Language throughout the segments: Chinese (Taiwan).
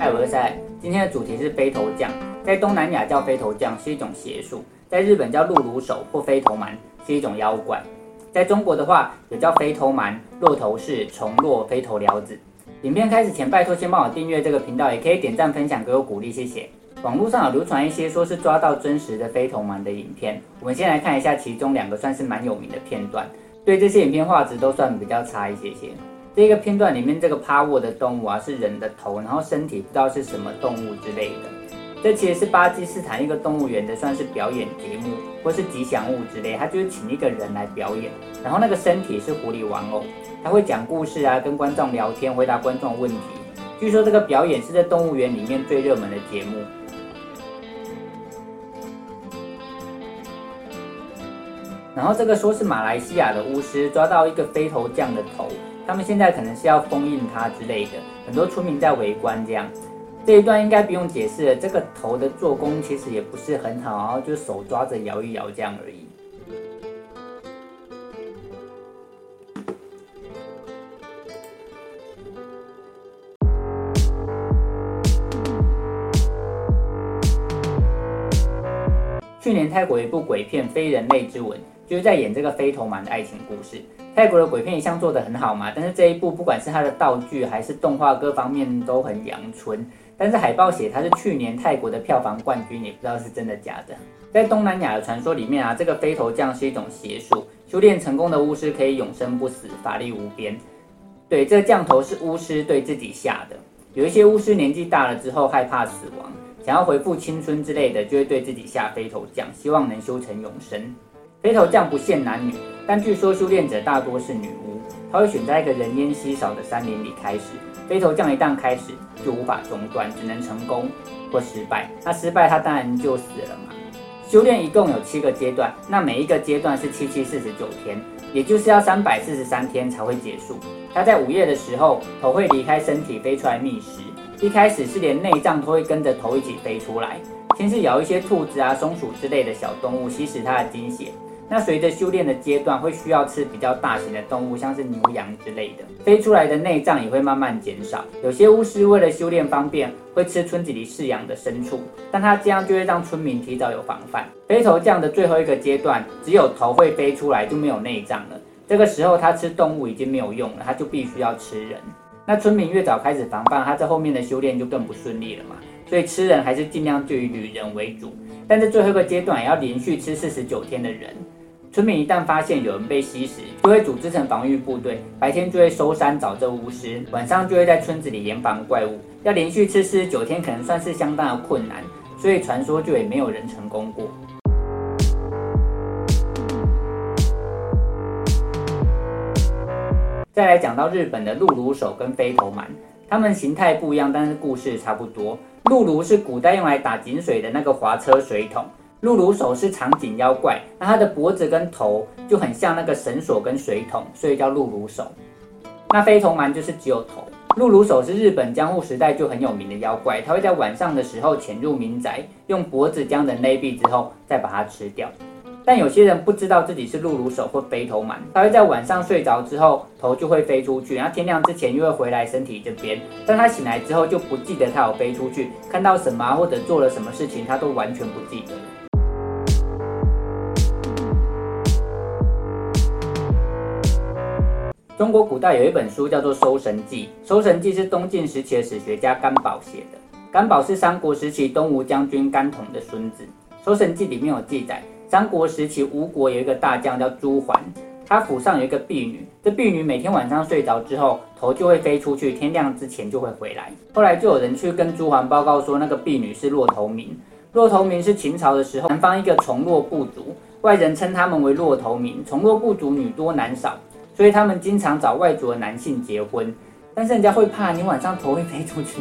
嗨，我是賽，今天的主題是飛頭降，在東南亞叫飛頭降，是一種邪術；在日本叫轆轤首或飛頭蠻，是一種妖怪；在中國的話，也叫飛頭蠻、落頭氏、蟲落、飛頭獠子。影片開始前，拜託先幫我訂閱這個頻道，也可以點贊、分享，給我鼓勵，謝謝。網絡上有流傳一些說是抓到真實的飛頭蠻的影片，我們先來看一下其中兩個算是蠻有名的片段。對，這些影片畫質都算比較差一些些。這個片段裡面，這個趴臥的動物啊，是人的頭，然後身體不知道是什麼動物之類的。這其實是巴基斯坦一個動物園的，算是表演節目或是吉祥物之類，他就是請一個人來表演，然後那個身體是狐狸玩偶，他會講故事啊，跟觀眾聊天，回答觀眾問題。據說這個表演是在動物園裡面最熱門的節目。然後這個說是馬來西亞的巫師抓到一個飛頭降的頭。他們現在可能是要封印它之類的，很多村民在圍觀這樣，這一段應該不用解釋了。這個頭的做工其實也不是很好啊，就手抓着搖一搖這樣而已。 去年泰國一部鬼片《非人類之吻》，就是在演這個飛頭蠻的愛情故事。泰國的鬼片一向做得很好嘛，但是這一部不管是它的道具還是動畫各方面都很陽春。但是海報寫它是去年泰國的票房冠軍，也不知道是真的假的。在東南亞的傳說裡面啊，這個飛頭降是一種邪術，修煉成功的巫師可以永生不死，法力無邊。對，這個降頭是巫師對自己下的，有一些巫師年紀大了之後害怕死亡，想要恢復青春之類的，就會對自己下飛頭降，希望能修成永生。飛頭降不限男女，但據說修煉者大多是女巫。她會選在一個人煙稀少的山林裡開始。飛頭降一旦開始就無法中斷，只能成功或失敗。那失敗，她當然就死了嘛。修煉一共有七個階段，那每一個階段是七七四十九天，也就是要三百四十三天才會結束。她在午夜的時候，頭會離開身體飛出來覓食。一開始是連內臟都會跟着頭一起飛出來，先是咬一些兔子啊、松鼠之類的小動物，吸食它的精血。那隨着修煉的階段，會需要吃比較大型的動物，像是牛羊之類的。飛出來的內臟也會慢慢減少。有些巫師為了修煉方便，會吃村子裡飼養的牲畜，但他這樣就會讓村民提早有防範。飛頭降的最後一個階段，只有頭會飛出來，就沒有內臟了。這個時候它吃動物已經沒有用了，它就必須要吃人。那村民越早開始防範，他在後面的修煉就更不順利了嘛。所以吃人還是盡量對於旅人為主，但在最後一個階段也要連續吃四十九天的人。村民一旦發現有人被吸食，就會組織成防御部隊，白天就會搜山找這巫師，晚上就會在村子裡嚴防怪物。要連續吃四十九天，可能算是相當的困難，所以傳說就也沒有人成功過。再來講到日本的轆轤首跟飛頭蠻，他們形態不一樣，但是故事差不多。轆轤是古代用來打井水的那個滑車水桶，轆轤首是長頸妖怪，那它的脖子跟頭就很像那個繩索跟水桶，所以叫轆轤首。那飛頭蠻就是只有頭。轆轤首是日本江戶時代就很有名的妖怪，它會在晚上的時候潛入民宅，用脖子將人勒斃之後，再把它吃掉。但有些人不知道自己是轆轤首或飛頭蠻，他會在晚上睡着之後，頭就會飛出去，然後天亮之前又會回來身體這邊。但他醒來之後就不記得他有飛出去，看到什麼或者做了什麼事情，他都完全不記得、嗯、中國古代有一本書叫做《搜神記》，《搜神記》是東晉時期的史學家干寶寫的。干寶是三國時期東吳將軍干統的孫子，《搜神記》裡面有記載。三國時期，吳國有一個大將叫朱桓，他府上有一個婢女。這婢女每天晚上睡着之後，頭就會飛出去，天亮之前就會回來。後來就有人去跟朱桓報告說，那個婢女是落頭民。落頭民是秦朝的時候南方一個蟲落部族，外人稱他們為落頭民。蟲落部族女多男少，所以他們經常找外族的男性結婚，但是人家會怕你晚上頭會飛出去。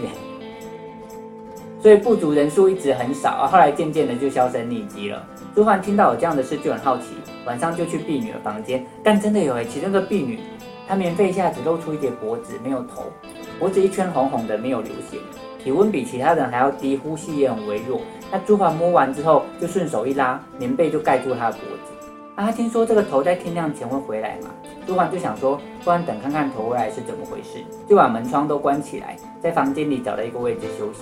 所以部族人數一直很少，而後來漸漸的就銷聲匿跡了。朱桓聽到有這樣的事就很好奇，晚上就去婢女的房間，但真的有、欸、其中一個婢女，她棉被一下子露出一點脖子，沒有頭，脖子一圈紅紅的，沒有流血，體溫比其他人還要低，呼吸也很微弱。那朱桓摸完之後，就順手一拉棉被就蓋住她的脖子。啊，他聽說這個頭在天亮前會回來嘛，朱桓就想說，不然等看看頭回來是怎麼回事，就把門窗都關起來，在房間裡找了一個位置休息。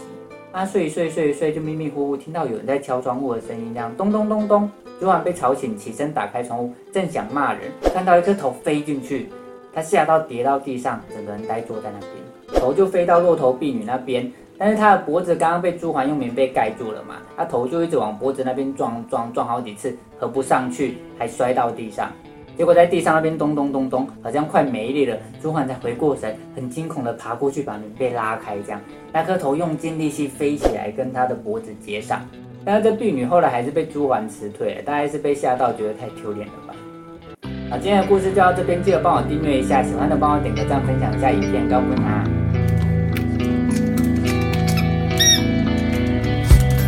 他、啊、睡一睡一睡一睡就迷迷糊糊，聽到有人在敲窗戶的聲音，這樣咚咚咚咚。朱桓被吵醒，起身打開窗戶，正想罵人，看到一顆頭飛進去，他嚇到跌到地上，整個人呆坐在那邊。頭就飛到落頭婢女那邊，但是他的脖子剛剛被朱桓用棉被蓋住了嘛，他頭就一直往脖子那邊撞撞撞好幾次，合不上去，還摔到地上。結果在地上那邊咚咚咚咚，好像快沒力了。朱桓才回過神，很驚恐地爬過去，把棉被拉開，這樣那顆頭用盡力氣飛起來，跟他的脖子接上。但是這婢女後來還是被朱桓辭退了，大概是被嚇到，覺得太丟臉了吧。好，啊，今天的故事就到這邊，記得幫我訂閱一下，喜歡的幫我點個讚，分享一下影片，高溫啊。